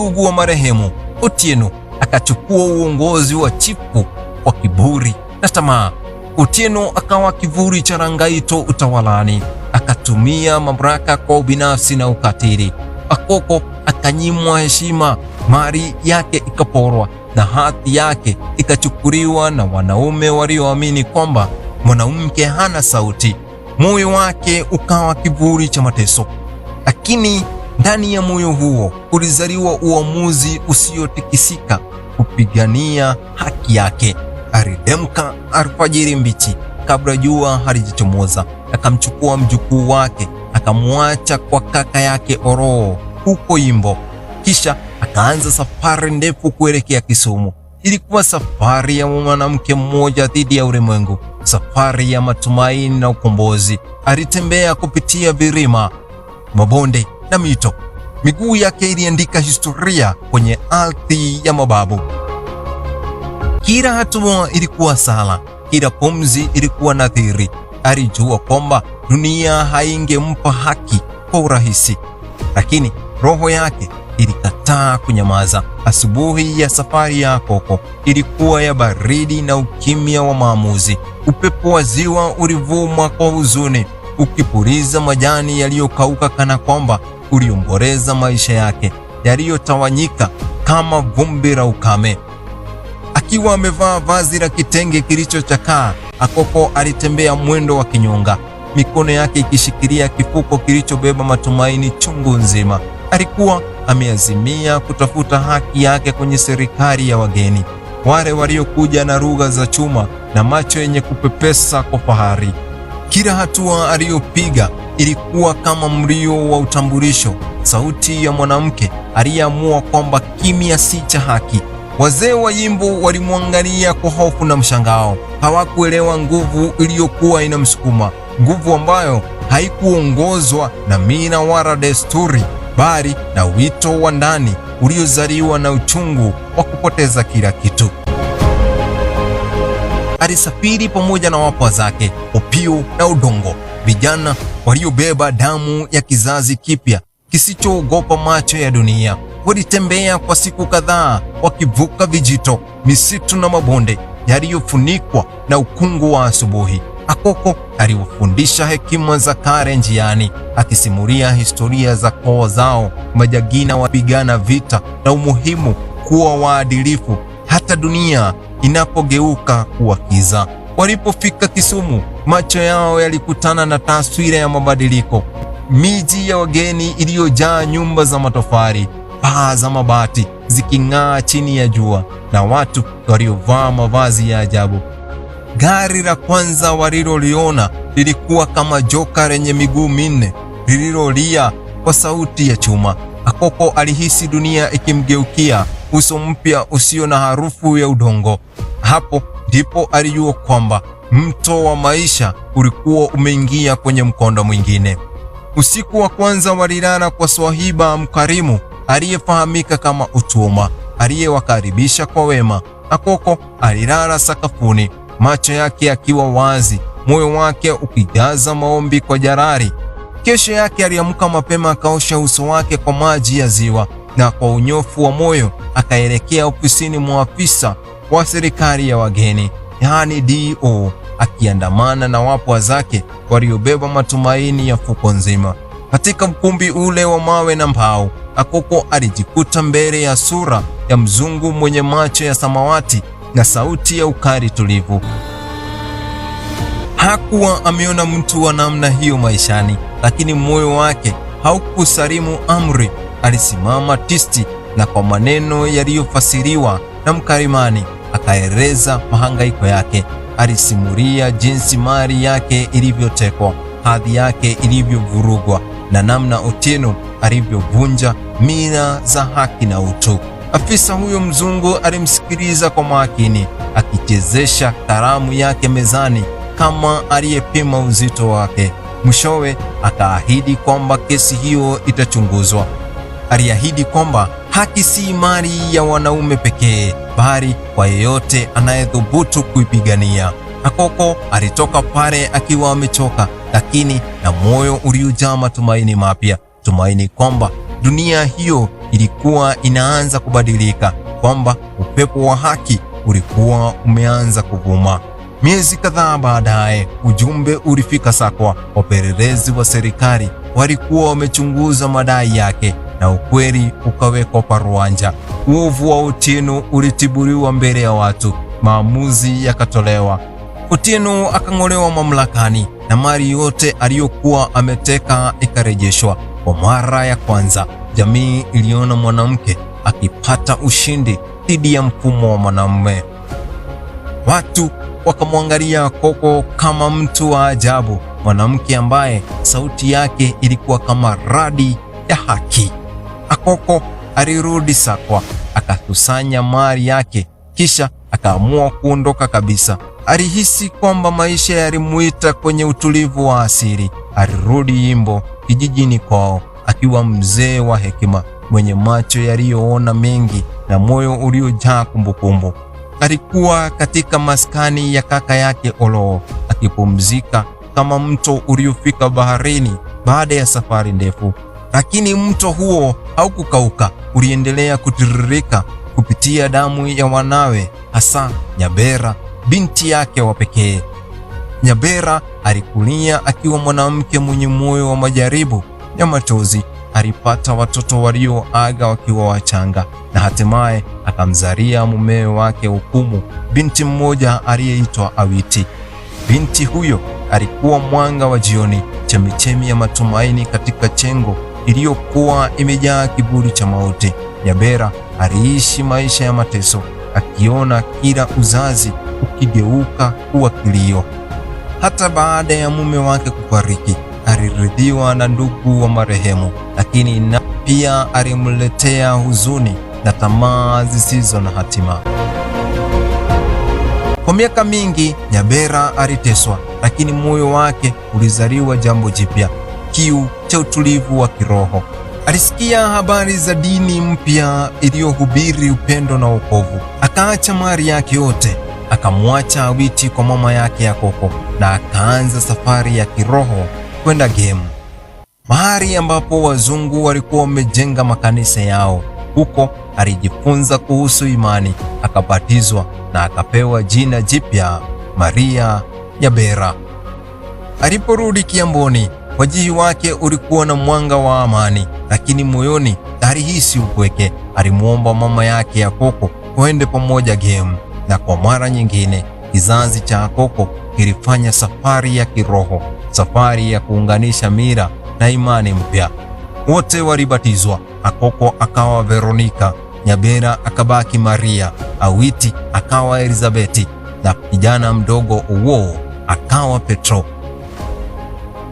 ndugu wa marehemu Otieno akachukua uongozi wa chifu kwa kiburi na tamaa. Otieno akawa kivuli cha Rangaito utawalani, akatumia mamlaka kwa ubinafsi na ukatili. Akoko akanyimwa heshima, mali yake ikaporwa na hadhi yake ikachukuliwa na wanaume walioamini kwamba mwanamke hana sauti. Moyo wake ukawa kivuli cha mateso, lakini ndani ya moyo huo ulizaliwa uamuzi usiotikisika kupigania haki yake. Alidemka alfajiri mbichi kabla jua halijachomoza, akamchukua mjukuu wake akamwacha kwa kaka yake Oroo huko Imbo, kisha akaanza safari ndefu kuelekea Kisumu. Ilikuwa safari ya mwanamke mmoja dhidi ya ulimwengu, safari ya matumaini na ukombozi. Alitembea kupitia vilima, mabonde na mito. Miguu yake iliandika historia kwenye ardhi ya mababu. Kila hatua ilikuwa sala, kila pumzi ilikuwa nadhiri. Alijua kwamba dunia haingempa haki kwa urahisi, lakini roho yake ilikataa kunyamaza. Asubuhi ya safari ya Koko ilikuwa ya baridi na ukimya wa maamuzi. Upepo wa ziwa ulivuma kwa huzuni, ukipuliza majani yaliyokauka kana kwamba uliomboreza maisha yake yaliyotawanyika kama vumbi la ukame. Akiwa amevaa vazi la kitenge kilichochakaa, Akoko alitembea mwendo wa kinyonga, mikono yake ikishikilia kifuko kilichobeba matumaini chungu nzima. Alikuwa ameazimia kutafuta haki yake kwenye serikali ya wageni, wale waliokuja na lugha za chuma na macho yenye kupepesa kwa fahari. Kila hatua aliyopiga ilikuwa kama mlio wa utambulisho, sauti ya mwanamke aliyeamua kwamba kimya si cha haki. Wazee wa yimbo walimwangalia kwa hofu na mshangao. Hawakuelewa nguvu iliyokuwa inamsukuma, nguvu ambayo haikuongozwa na mila wala desturi, bali na wito wa ndani uliozaliwa na uchungu wa kupoteza kila kitu alisafiri pamoja na wapwa zake, upiu na Odongo, vijana waliobeba damu ya kizazi kipya kisichoogopa macho ya dunia. Walitembea kwa siku kadhaa, wakivuka vijito, misitu na mabonde yaliyofunikwa na ukungu wa asubuhi. Akoko aliwafundisha hekima za kale njiani, akisimulia historia za koo zao, majagina wapigana vita na umuhimu kuwa waadilifu hata dunia inapogeuka kuwa kiza. Walipofika Kisumu, macho yao yalikutana na taswira ya mabadiliko: miji ya wageni iliyojaa nyumba za matofali, paa za mabati ziking'aa chini ya jua, na watu waliovaa mavazi ya ajabu. Gari la kwanza waliloliona lilikuwa kama joka lenye miguu minne lililolia kwa sauti ya chuma. Akoko alihisi dunia ikimgeukia uso mpya usio na harufu ya udongo. Hapo ndipo alijua kwamba mto wa maisha ulikuwa umeingia kwenye mkondo mwingine. Usiku wa kwanza walilala kwa swahiba mkarimu aliyefahamika kama Utuma, aliyewakaribisha kwa wema. Akoko alilala sakafuni, macho yake akiwa wazi, moyo wake ukijaza maombi kwa jarari. Kesho yake aliamka mapema, akaosha uso wake kwa maji ya ziwa, na kwa unyofu wa moyo akaelekea ofisini mwa afisa wa serikali ya wageni yaani DO, akiandamana na wapwa zake waliobeba matumaini ya fuko nzima. Katika mkumbi ule wa mawe na mbao, Akoko alijikuta mbele ya sura ya mzungu mwenye macho ya samawati na sauti ya ukali tulivu. Hakuwa ameona mtu wa namna hiyo maishani, lakini moyo wake haukusalimu amri alisimama tisti na kwa maneno yaliyofasiriwa na mkarimani akaeleza mahangaiko yake. Alisimulia jinsi mali yake ilivyotekwa, hadhi yake ilivyovurugwa na namna Otieno alivyovunja mila za haki na utu. Afisa huyo mzungu alimsikiliza kwa makini, akichezesha kalamu yake mezani kama aliyepima uzito wake. Mwishowe akaahidi kwamba kesi hiyo itachunguzwa aliahidi kwamba haki si mali ya wanaume pekee, bali kwa yeyote anayethubutu kuipigania. Akoko alitoka pale akiwa amechoka, lakini na moyo uliojaa matumaini mapya, tumaini kwamba dunia hiyo ilikuwa inaanza kubadilika, kwamba upepo wa haki ulikuwa umeanza kuvuma. Miezi kadhaa baadaye, ujumbe ulifika Sakwa. Wapelelezi wa serikali walikuwa wamechunguza madai yake, na ukweli ukawekwa kwa ruanja Uovu wa Otieno ulitiburiwa mbele ya watu, maamuzi yakatolewa. Otieno akang'olewa mamlakani na mali yote aliyokuwa ameteka ikarejeshwa. Kwa mara ya kwanza, jamii iliona mwanamke akipata ushindi dhidi ya mfumo wa mwanamume. Watu wakamwangalia Koko kama mtu wa ajabu, mwanamke ambaye sauti yake ilikuwa kama radi ya haki. Akoko alirudi Sakwa, akakusanya mali yake, kisha akaamua kuondoka kabisa. Alihisi kwamba maisha yalimuita kwenye utulivu wa asili. Alirudi yimbo kijijini kwao, akiwa mzee wa hekima, mwenye macho yaliyoona mengi na moyo uliojaa kumbukumbu. Alikuwa katika maskani ya kaka yake Oloo, akipumzika kama mto uliofika baharini baada ya safari ndefu lakini mto huo haukukauka, uliendelea kutiririka kupitia damu ya wanawe, hasa Nyabera, binti yake wa pekee. Nyabera alikulia akiwa mwanamke mwenye moyo wa majaribu ya machozi. Alipata watoto walioaga wakiwa wachanga, na hatimaye akamzalia mumewe wake Hukumu, binti mmoja aliyeitwa Awiti. Binti huyo alikuwa mwanga wa jioni, chemichemi ya matumaini katika chengo iliyokuwa imejaa kiburi cha mauti. Yabera aliishi maisha ya mateso, akiona kila uzazi ukigeuka kuwa kilio. Hata baada ya mume wake kufariki, aliridhiwa na ndugu wa marehemu, lakini na pia alimletea huzuni na tamaa zisizo na hatima. Kwa miaka mingi Nyabera aliteswa, lakini moyo wake ulizaliwa jambo jipya: kiu cha utulivu wa kiroho. Alisikia habari za dini mpya iliyohubiri upendo na wokovu. Akaacha mali yake yote, akamwacha Awiti kwa mama yake Yakoko na akaanza safari ya kiroho kwenda Gemu, mahali ambapo wazungu walikuwa wamejenga makanisa yao. Huko alijifunza kuhusu imani, akabatizwa na akapewa jina jipya Maria Yabera. Aliporudi Kiamboni, Wajihi wake ulikuwa na mwanga wa amani, lakini moyoni alihisi upweke. Alimwomba mama yake Akoko waende pamoja gemu na kwa mara nyingine kizazi cha Akoko kilifanya safari ya kiroho, safari ya kuunganisha mira na imani mpya. Wote walibatizwa. Akoko akawa Veronika, Nyabera akabaki Maria, Awiti akawa Elizabeti na kijana mdogo uwoo akawa Petro.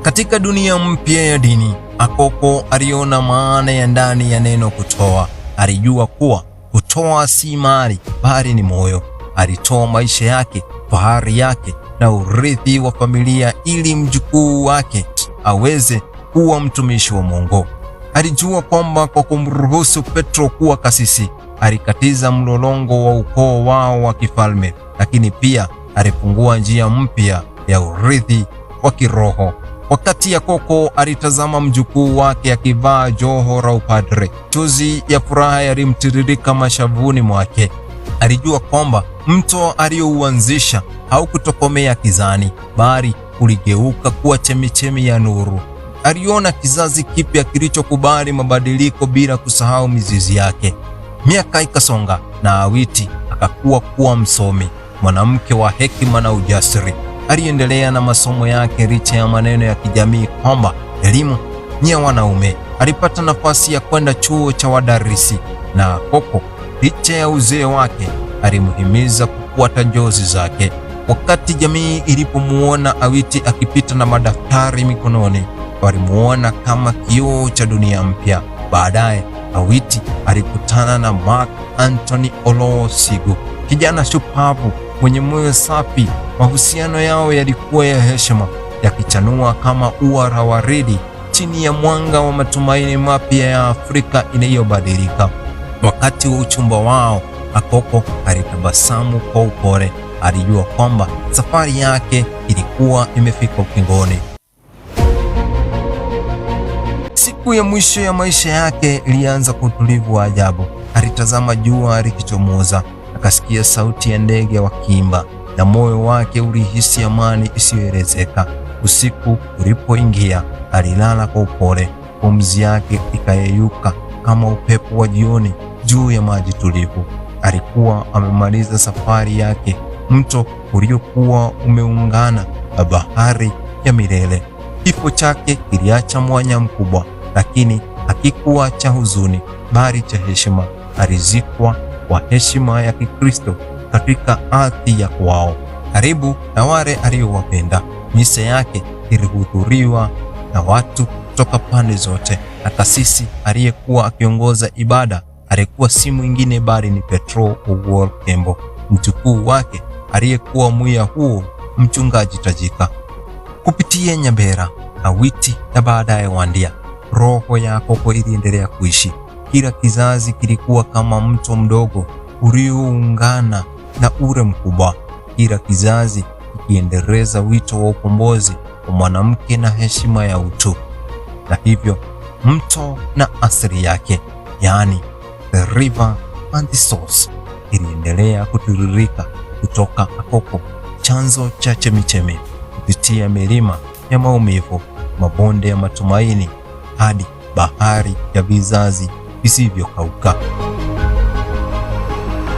Katika dunia mpya ya dini, Akoko aliona maana ya ndani ya neno kutoa. Alijua kuwa kutoa si mali, bali ni moyo. Alitoa maisha yake, fahari yake na urithi wa familia ili mjukuu wake aweze kuwa mtumishi wa Mungu. Alijua kwamba kwa kumruhusu Petro kuwa kasisi, alikatiza mlolongo wa ukoo wao wa kifalme, lakini pia alifungua njia mpya ya urithi wa kiroho. Wakati Yakoko alitazama mjukuu wake akivaa joho la upadre, chozi ya furaha yalimtiririka mashavuni mwake. Alijua kwamba mto aliyouanzisha haukutokomea kizani, bali uligeuka kuwa chemichemi ya nuru. Aliona kizazi kipya kilichokubali mabadiliko bila kusahau mizizi yake. Miaka ikasonga na Awiti akakuwa kuwa msomi, mwanamke wa hekima na ujasiri aliendelea na masomo yake licha ya maneno ya kijamii kwamba elimu ni ya wanaume. Alipata nafasi ya kwenda chuo cha wadarisi na Koko, licha ya uzee wake, alimhimiza kufuata njozi zake. Wakati jamii ilipomuona Awiti akipita na madaftari mikononi, walimuona kama kioo cha dunia mpya. Baadaye Awiti alikutana na Mark Anthony Olosigu, kijana shupavu mwenye moyo safi Mahusiano yao yalikuwa ya heshima, yakichanua kama ua la waridi chini ya mwanga wa matumaini mapya ya Afrika inayobadilika. Wakati wa uchumba wao, Akoko alitabasamu kwa upole. Alijua kwamba safari yake ilikuwa imefika ukingoni. Siku ya mwisho ya maisha yake ilianza kwa utulivu wa ajabu. Alitazama jua likichomoza, akasikia sauti ya ndege wakiimba na moyo wake ulihisi amani isiyoelezeka. Usiku ulipoingia, alilala kwa upole, pumzi yake ikayeyuka kama upepo wa jioni juu ya maji tulivu. Alikuwa amemaliza safari yake, mto uliokuwa umeungana na bahari ya milele. Kifo chake kiliacha mwanya mkubwa, lakini hakikuwa cha huzuni, bali cha heshima. Alizikwa kwa heshima ya Kikristo katika ardhi ya kwao, karibu na wale aliyowapenda Misa yake ilihudhuriwa na watu kutoka pande zote, na kasisi aliyekuwa akiongoza ibada alikuwa si mwingine bali ni Petro Oguor Kembo, mjukuu wake aliyekuwa mwiya huo mchungaji tajika. Kupitia Nyabera na Witi na baadaye Wandia, roho ya Koko iliendelea kuishi. Kila kizazi kilikuwa kama mto mdogo ulioungana na ure mkubwa, kila kizazi kikiendeleza wito wa ukombozi wa mwanamke na heshima ya utu, na hivyo mto na asili yake, yaani the river and the source, iliendelea kutiririka kutoka Akoko, chanzo cha chemichemi, kupitia milima ya maumivu, mabonde ya matumaini, hadi bahari ya vizazi visivyokauka.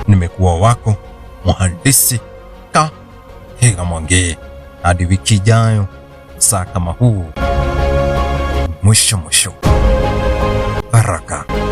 Nimekuwa wako Mhandisi hega mwange Hadi wiki ijayo saa kama huu, mwisho mwisho. Baraka.